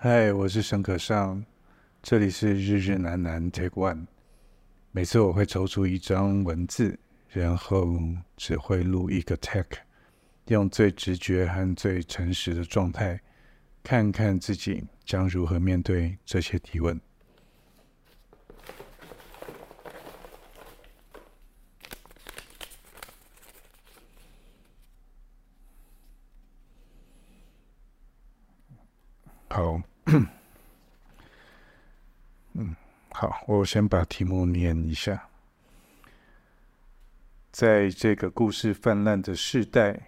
嗨，Hi, 我是沈可尚，這裡是日日難難 Take One。每次我會抽出一張文字，然後只會錄一個 Take，用最直覺和最誠實的狀態，看看自己將如何面對這些提問。好， 嗯，好，我先把題目念一下。在這個故事泛濫的世代，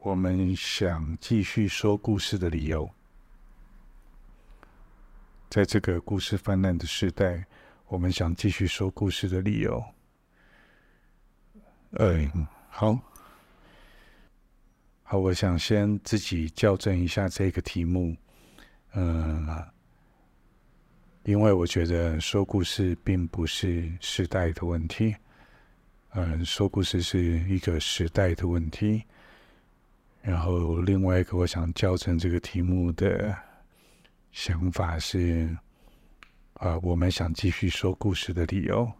我們想繼續說故事的理由。在這個故事泛濫的時代，我們想繼續說故事的理由。哎、嗯嗯，好。好，我想先自己校正一下這個題目，嗯、呃，因為我覺得說故事並不是時代的問題，嗯、呃，說故事是一個時代的問題。然後另外一個我想校正這個題目的想法是，啊、呃，我們想繼續說故事的理由，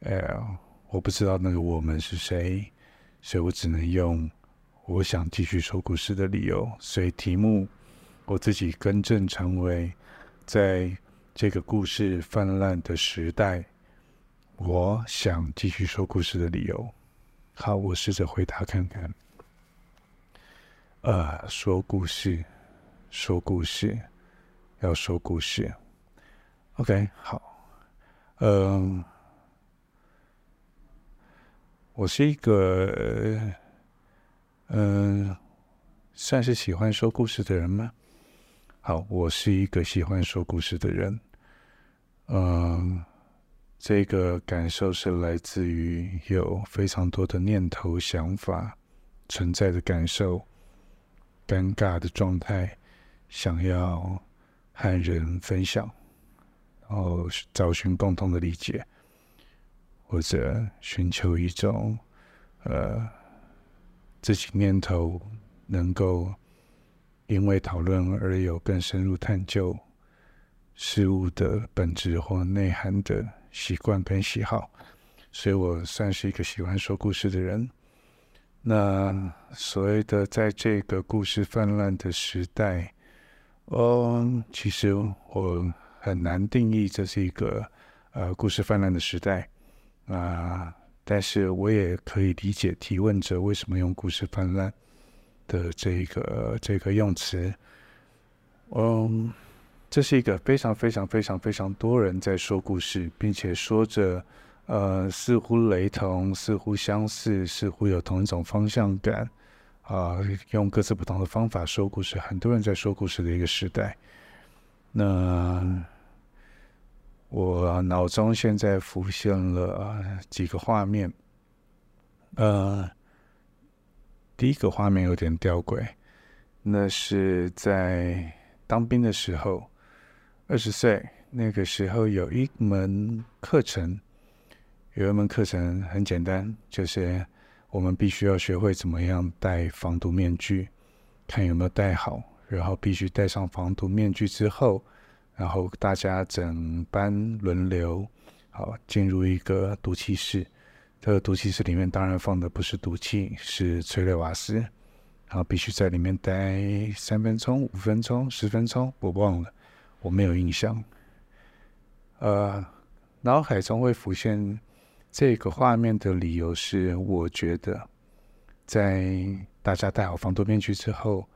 呃、欸，我不知道那個我們是誰，所以我只能用。我想繼續說故事的理由，所以題目我自己更正成為，在這個故事氾濫的時代，我想繼續說故事的理由。好，我試着回答看看。呃，說故事，說故事，要說故事。OK，好，嗯，我是一個。嗯、呃，算是喜歡說故事的人嗎？好，我是一個喜歡說故事的人。呃，這個感受是來自於有非常多的念頭、想法存在的感受，尷尬的狀態，想要和人分享，然後找尋共同的理解，或者尋求一種，呃，自己念頭能夠因為討論而有更深入探究事物的本質或內涵的習慣跟喜好，所以我算是一個喜歡說故事的人。那所謂的在這個故事泛濫的時代，哦，其實我很難定義這是一個呃故事泛濫的時代啊。呃但是我也可以理解提問者為什麼用“故事氾濫”的這個、呃、這個用詞。嗯，um，這是一個非常非常非常非常多人在說故事，並且說着，呃，似乎雷同，似乎相似，似乎有同一種方向感啊、呃，用各自不同的方法說故事。很多人在說故事的一個時代。那。我、啊、腦中現在浮現了、啊、幾個畫面，呃，第一個畫面有點吊詭，那是在當兵的時候，二十歲，那個時候有一門課程，有一門課程很簡單，就是我們必須要學會怎麼樣戴防毒面具，看有沒有戴好，然後必須戴上防毒面具之後。然後大家整班輪流，好，進入一個毒氣室。這個毒氣室裡面當然放的不是毒氣，是催淚瓦斯。然後必須在裡面待三分鐘、五分鐘、十分鐘，我忘了，我沒有印象。呃，腦海中會浮現這個畫面的理由是，我覺得在大家戴好防毒面具之後，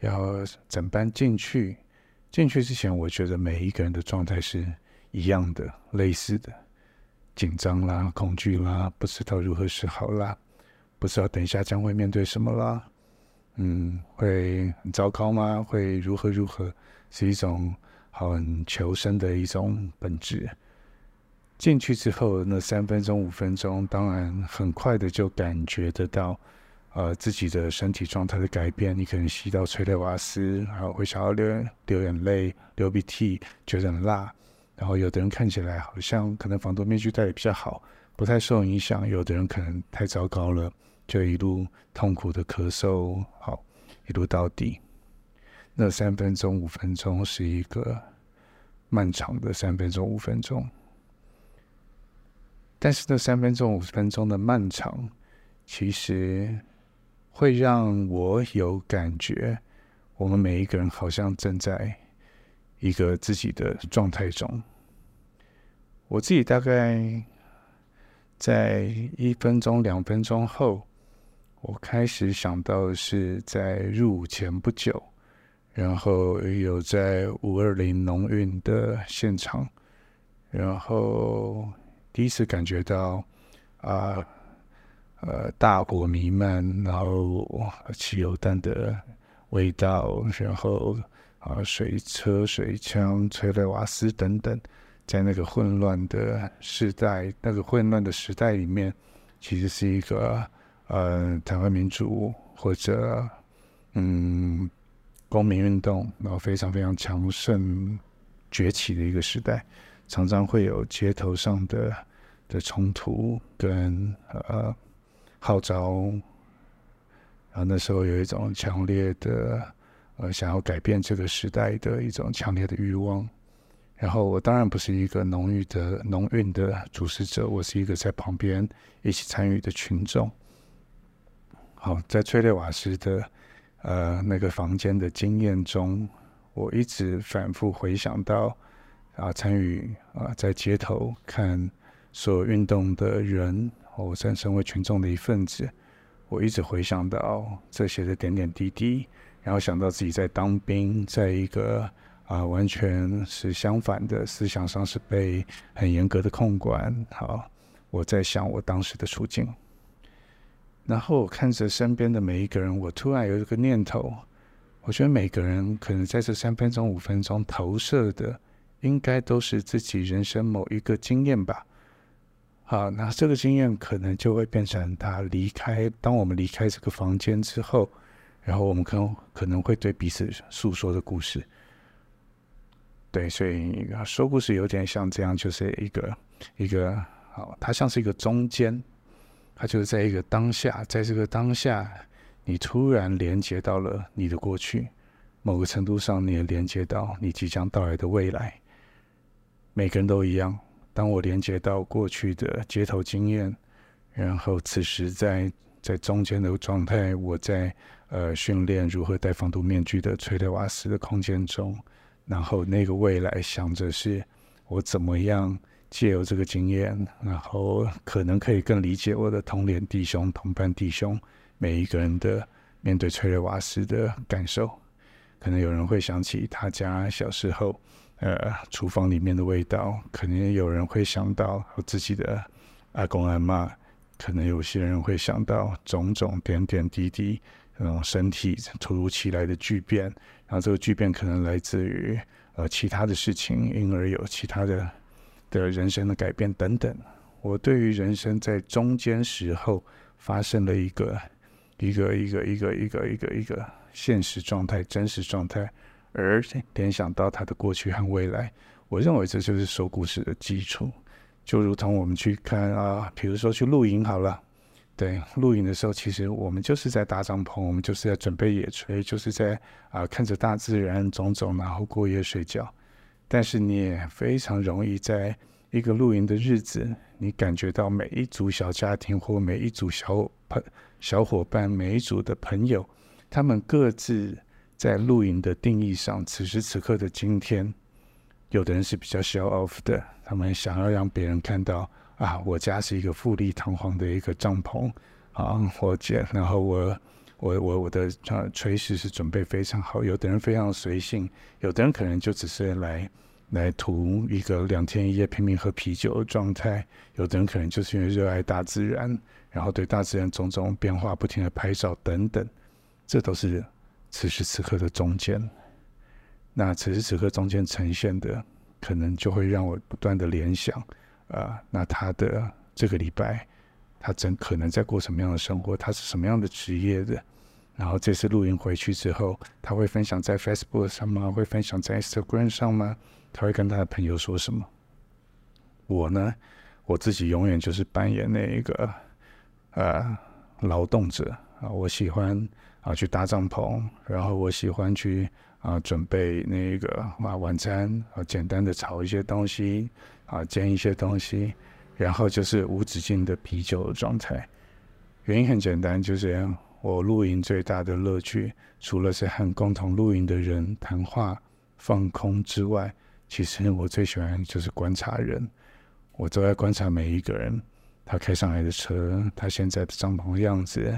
要整班進去。進去之前，我覺得每一個人的狀態是一樣的，類似的，緊張啦，恐懼啦，不知道如何是好啦，不知道等一下將會面對什麼啦，嗯，會很糟糕嗎？會如何如何？是一種很求生的一種本質。進去之後，那三分鐘、五分鐘，當然很快的就感覺得到。呃，自己的身體狀態的改變，你可能吸到催淚瓦斯，然後會想要流眼流眼淚、流鼻涕，覺得很辣。然後有的人看起來好像可能防毒面具戴得比較好，不太受影響；有的人可能太糟糕了，就一路痛苦的咳嗽，好一路到底。那三分鐘、五分鐘是一個漫長的三分鐘、五分鐘，但是這三分鐘、五分鐘的漫長，其實，會讓我有感覺，我們每一個人好像正在一個自己的狀態中。我自己大概在一分鐘、兩分鐘後，我開始想到的是在入伍前不久，然後也有在五二零農運的現場，然後第一次感覺到啊。呃，大火彌漫，然後汽油彈的味道，然後啊，水車、水槍、催淚瓦斯等等，在那個混亂的時代，那個混亂的時代裡面，其實是一個呃，台灣民主或者嗯，公民運動，然後非常非常強盛崛起的一個時代，常常會有街頭上的的衝突跟呃。號召，然後那時候有一種強烈的，呃，想要改變這個時代的一種強烈的慾望。然後我當然不是一個農運的、農運的主持者，我是一個在旁邊一起參與的群眾。好，在催淚瓦斯的呃那個房間的經驗中，我一直反復回想到啊，參與啊，在街頭看所有運動的人。我算身為群眾的一份子，我一直回想到這些的點點滴滴，然後想到自己在當兵，在一個啊完全是相反的思想上是被很嚴格的控管。好，我在想我當時的處境，然後我看着身邊的每一個人，我突然有一個念頭，我覺得每個人可能在這三分鐘五分鐘投射的，應該都是自己人生某一個經驗吧。啊，那這個經驗可能就會變成他離開，當我們離開這個房間之後，然後我們可可能會對彼此訴說的故事。對，所以說故事有點像這樣，就是一個一個，好，它像是一個中間，它就是在一個當下，在這個當下，你突然連接到了你的過去，某個程度上你也連接到你即將到來的未來。每個人都一樣。當我連接到過去的街頭經驗，然後此時在在中間的狀態，我在呃訓練如何戴防毒面具的催淚瓦斯的空間中，然後那個未來想着是我怎麼樣借由這個經驗，然後可能可以更理解我的同年弟兄、同伴弟兄每一個人的面對催淚瓦斯的感受，可能有人會想起他家小時候。呃，廚房裡面的味道，可能有人會想到我自己的阿公阿媽，可能有些人會想到種種點點滴滴，然後身體突如其來的巨變，然後這個巨變可能來自於呃其他的事情，因而有其他的的人生的改變等等。我對於人生在中間時候發生了一個,一個一個一個一個一個一個一個,一個現實狀態、真實狀態。而聯想到他的過去和未來，我認為這就是說故事的基礎。就如同我們去看啊，比如說去露營好了，對，露營的時候，其實我們就是在搭帳篷，我們就是在準備野炊，就是在啊看着大自然種種，然後過夜睡覺。但是你也非常容易在一個露營的日子，你感覺到每一組小家庭或每一組小朋小夥伴、每一組的朋友，他們各自。在露營的定義上，此時此刻的今天，有的人是比較 show off 的，他們想要讓別人看到啊，我家是一個富麗堂皇的一個帳篷啊，或者然後我我我我的啊錘石是準備非常好。有的人非常隨性，有的人可能就只是來來圖一個兩天一夜拼命喝啤酒的狀態。有的人可能就是因為熱愛大自然，然後對大自然種種變化不停的拍照等等，這都是。此時此刻的中間，那此時此刻中間呈現的，可能就會讓我不斷的聯想，啊、呃，那他的這個禮拜，他真可能在過什麼樣的生活？他是什麼樣的職業的？然後這次露營回去之後，他會分享在 Facebook 上嗎？會分享在 Instagram 上嗎？他會跟他的朋友說什麼？我呢，我自己永遠就是扮演那一個，呃，勞動者。啊，我喜歡啊去搭帳篷，然後我喜歡去啊準備那個啊晚餐啊，簡單的炒一些東西啊，煎一些東西，然後就是無止境的啤酒的狀態。原因很簡單，就是我露營最大的樂趣，除了是和共同露營的人談話、放空之外，其實我最喜歡就是觀察人。我都在觀察每一個人，他開上來的車，他現在的帳篷樣子。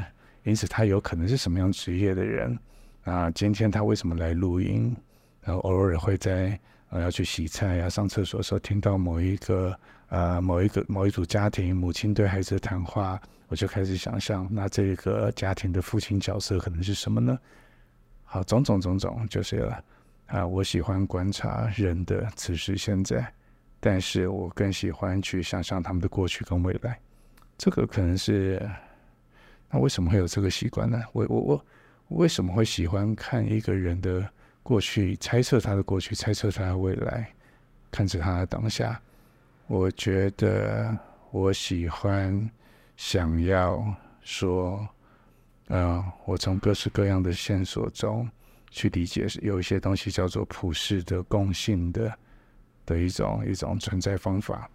因此，他有可能是什麼樣職業的人啊？今天他為什麼來錄音？然後偶爾會在呃，要去洗菜啊、上廁所的時候，聽到某一個呃某一個某一組家庭母親對孩子的談話，我就開始想象那這個家庭的父親角色可能是什麼呢？好，種種種種，就是啊，我喜歡觀察人的此時現在，但是我更喜歡去想象他們的過去跟未來。這個可能是。那為什麼會有這個習慣呢？我我我，我為什麼會喜歡看一個人的過去，猜測他的過去，猜測他的未來，看着他的當下？我覺得我喜歡想要說，嗯、呃，我從各式各樣的線索中去理解，有一些東西叫做普世的、共性的的一種一種存在方法。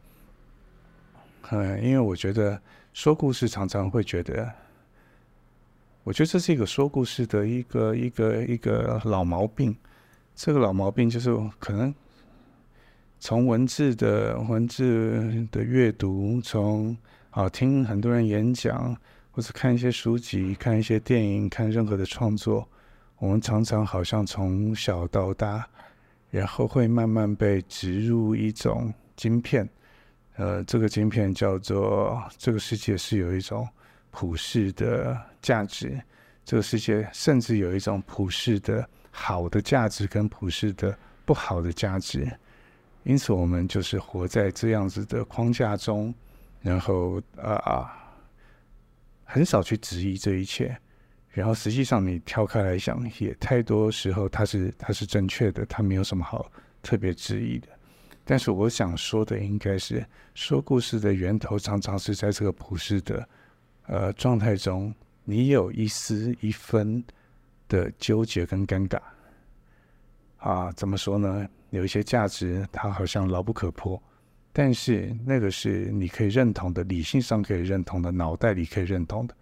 嗯，因為我覺得說故事常常會覺得。我覺得這是一個說故事的一個一個一個老毛病，這個老毛病就是可能從文字的文字的閱讀，從啊聽很多人演講，或是看一些書籍、看一些電影、看任何的創作，我們常常好像從小到大，然後會慢慢被植入一種晶片，呃，這個晶片叫做這個世界是有一種。普世的價值，這個世界甚至有一種普世的好的價值跟普世的不好的價值，因此我們就是活在這樣子的框架中，然後啊啊，很少去質疑這一切。然後實際上你跳開來想，也太多時候它是它是正確的，它沒有什麼好特別質疑的。但是我想說的應該是，說故事的源頭常常是在這個普世的。呃，狀態中，你有一絲一分的糾結跟尷尬，啊，怎麼說呢？有一些價值，它好像牢不可破，但是那個是你可以認同的，理性上可以認同的，腦袋裡可以認同的，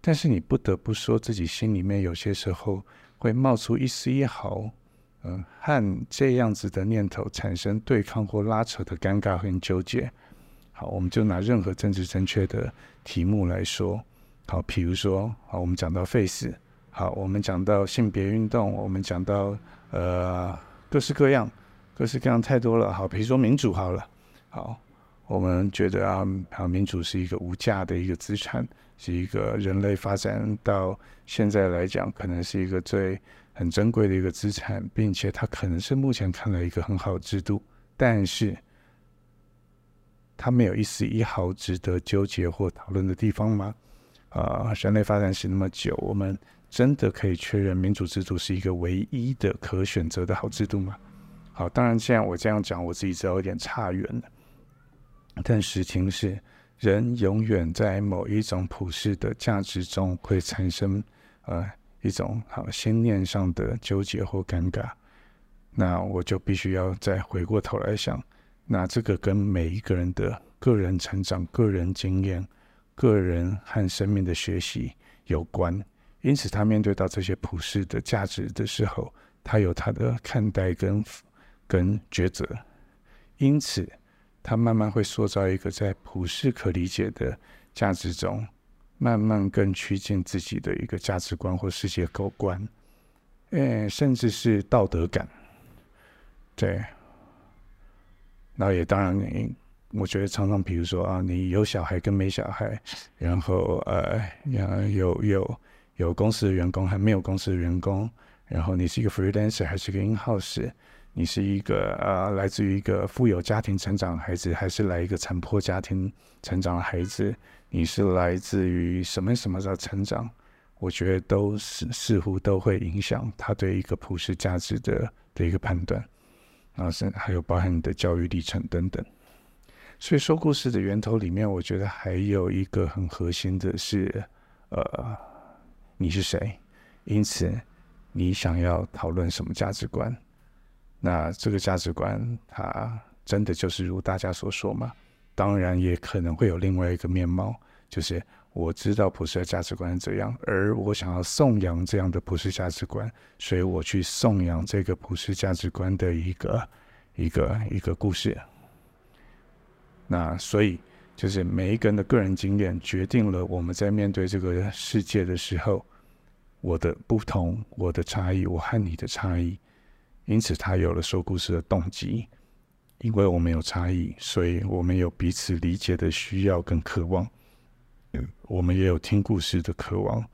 但是你不得不說，自己心裡面有些時候會冒出一絲一毫，嗯、呃，和這樣子的念頭產生對抗或拉扯的尷尬跟糾結。我們就拿任何政治正確的題目來說，好，比如說，好，我們講到廢死，好，我們講到性別運動，我們講到呃，各式各樣，各式各樣太多了。好，比如說民主好了，好，我們覺得啊，好，民主是一個無價的一個資產，是一個人類發展到現在來講，可能是一個最很珍貴的一個資產，並且它可能是目前看來一個很好的制度，但是。它沒有一絲一毫值得糾結或討論的地方嗎？啊、呃，人類發展史那麼久，我們真的可以確認民主制度是一個唯一的可選擇的好制度嗎？好，當然，這樣我這樣講，我自己知道有點差遠了。但實情是，人永遠在某一種普世的價值中會產生呃一種好心念上的糾結或尷尬。那我就必須要再回過頭來想。那這個跟每一個人的個人成長、個人經驗、個人和生命的學習有關，因此他面對到這些普世的價值的時候，他有他的看待跟跟抉擇，因此他慢慢會塑造一個在普世可理解的價值中，慢慢更趨近自己的一個價值觀或世界觀、欸，誒，甚至是道德感，對。那也當然，我覺得常常比如說啊，你有小孩跟沒小孩，然後呃、啊，有有有公司的員工，還沒有公司的員工，然後你是一個 freelancer 還是一個 in house，你是一個呃、啊、來自於一個富有家庭成長的孩子，還是來一個殘破家庭成長的孩子，你是來自於什麼什麼的成長，我覺得都似似乎都會影響他對一個普世價值的的一個判斷。然後，甚至還有包含你的教育歷程等等。所以說，故事的源頭裡面，我覺得還有一個很核心的是，呃，你是誰？因此，你想要討論什麼價值觀？那這個價值觀，它真的就是如大家所說嗎？當然，也可能會有另外一個面貌，就是。我知道普世的價值觀是怎樣，而我想要頌揚這樣的普世價值觀，所以我去頌揚這個普世價值觀的一個、一個、一個故事。那所以就是每一個人的個人經驗決定了我們在面對這個世界的時候，我的不同、我的差異，我和你的差異，因此他有了說故事的動機。因為我們有差異，所以我們有彼此理解的需要跟渴望。我們也有聽故事的渴望，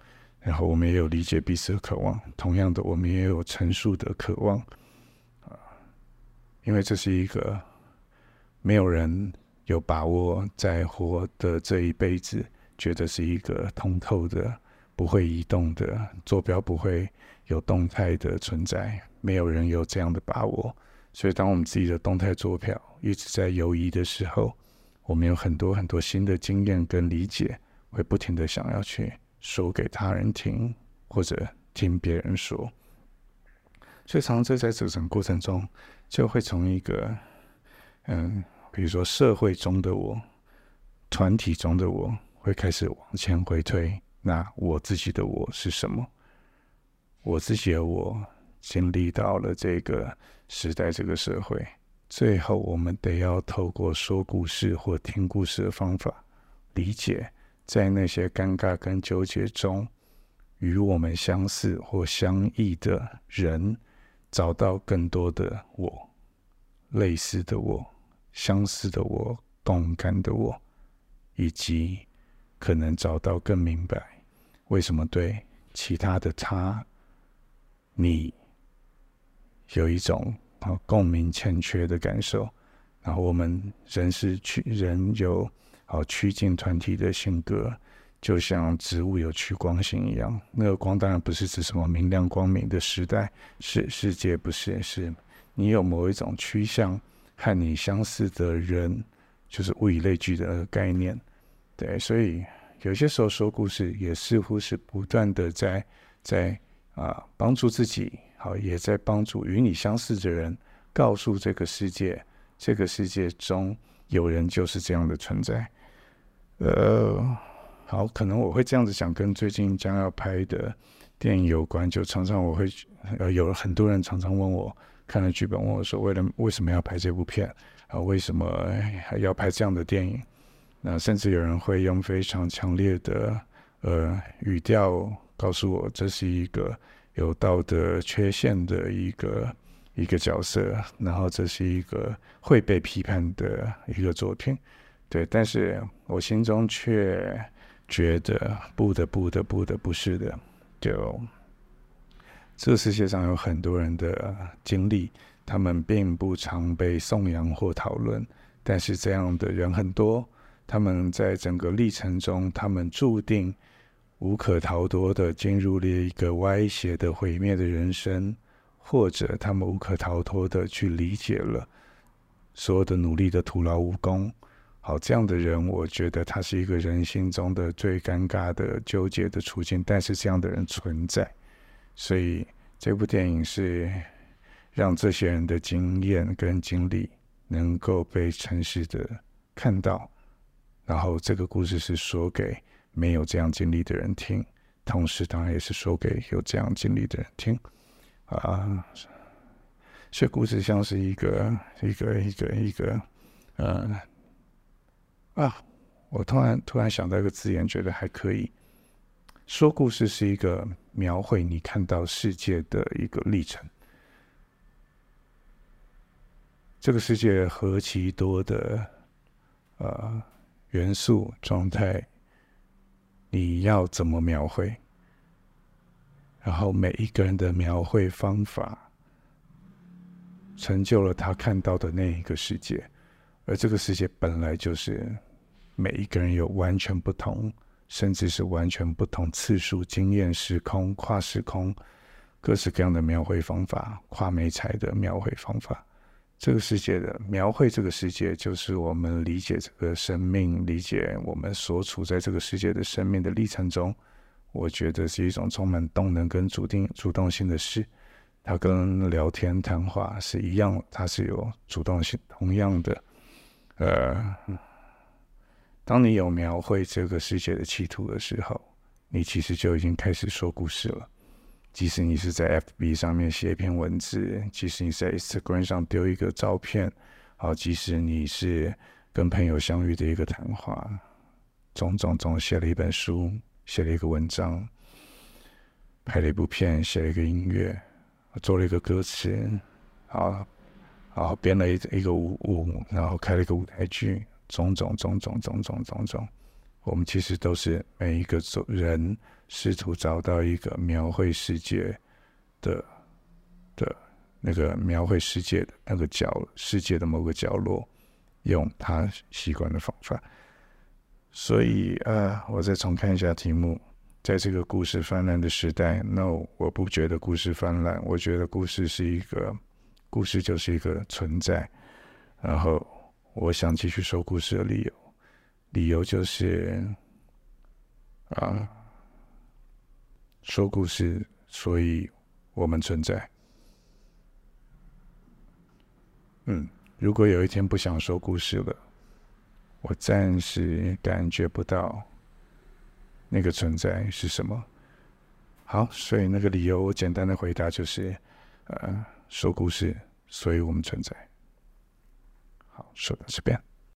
然後我們也有理解彼此的渴望。同樣的，我們也有陳述的渴望啊，因為這是一個沒有人有把握在活的這一輩子，覺得是一個通透的、不會移動的坐標，不會有動態的存在。沒有人有這樣的把握，所以當我們自己的動態坐標一直在游移的時候，我們有很多很多新的經驗跟理解。會不停的想要去說給他人聽，或者聽別人說，所以常常在在整個過程中，就會從一個，嗯，比如說社會中的我，團體中的我，會開始往前回推。那我自己的我是什麼？我自己的我經歷到了這個時代、這個社會。最後，我們得要透過說故事或聽故事的方法，理解。在那些尷尬跟糾結中，與我們相似或相異的人，找到更多的我，類似的我，相似的我，共感的我，以及可能找到更明白為什麼對其他的他、你有一種啊共鳴欠缺的感受。然後我們人是去人有，好趨近團體的性格，就像植物有趨光性一樣。那個光當然不是指什麼明亮光明的時代，是世界不是是，你有某一種趨向，和你相似的人，就是物以類聚的那個概念。對，所以有些時候說故事，也似乎是不斷的在在啊、呃、幫助自己，好，也在幫助與你相似的人，告訴這個世界，這個世界中有人就是這樣的存在。呃，好，可能我會這樣子想，跟最近將要拍的電影有關。就常常我會，呃、有了很多人常常問我看了劇本，問我說，為了為什麼要拍這部片啊、呃？為什麼還要拍這樣的電影？那甚至有人會用非常強烈的呃語調告訴我，這是一個有道德缺陷的一個一個角色，然後這是一個會被批判的一個作品。對，但是我心中卻覺得，不得，不得，不得，不是的。就這個世界上有很多人的經歷，他們並不常被頌揚或討論，但是這樣的人很多。他們在整個歷程中，他們注定無可逃脫的進入了一個歪斜、的毀滅的人生，或者他們無可逃脫的去理解了所有的努力的徒勞無功。好，這樣的人，我覺得他是一個人心中的最尷尬的、糾結的處境。但是這樣的人存在，所以這部電影是讓這些人的經驗跟經歷能夠被誠實的看到。然後這個故事是說給沒有這樣經歷的人聽，同時當然也是說給有這樣經歷的人聽啊。所以故事像是一個一個一個一個，呃。啊，我突然突然想到一個字眼，覺得還可以。說故事是一個描繪你看到世界的一個歷程。這個世界何其多的呃元素狀態，你要怎麼描繪？然後每一個人的描繪方法，成就了他看到的那一個世界，而這個世界本來就是。每一個人有完全不同，甚至是完全不同次數經驗時空、跨時空、各式各樣的描繪方法、跨媒材的描繪方法。這個世界的描繪，這個世界就是我們理解這個生命、理解我們所處在這個世界的生命的歷程中，我覺得是一種充滿動能跟主動主動性的事。它跟聊天談話是一樣，它是有主動性，同樣的，呃。當你有描繪這個世界的企圖的時候，你其實就已經開始說故事了。即使你是在 FB 上面寫一篇文字，即使你在 Instagram 上丟一個照片，好，即使你是跟朋友相遇的一個談話，種種種寫了一本書，寫了一個文章，拍了一部片，寫了一個音樂，做了一個歌詞，啊啊編了一一個舞舞，然後開了一個舞台劇。種種種種種種種種，我們其實都是每一個人試圖找到一個描繪世界的的那個描繪世界的那個角世界的某個角落，用他習慣的方法。所以，啊，我再重看一下題目：在這個故事泛濫的時代，no，我不覺得故事泛濫，我覺得故事是一個，故事就是一個存在，然後。我想繼續說故事的理由，理由就是啊，說故事，所以我們存在。嗯，如果有一天不想說故事了，我暫時感覺不到那個存在是什麼。好，所以那個理由，我簡單的回答就是，呃、啊，說故事，所以我們存在。說的隨便。悉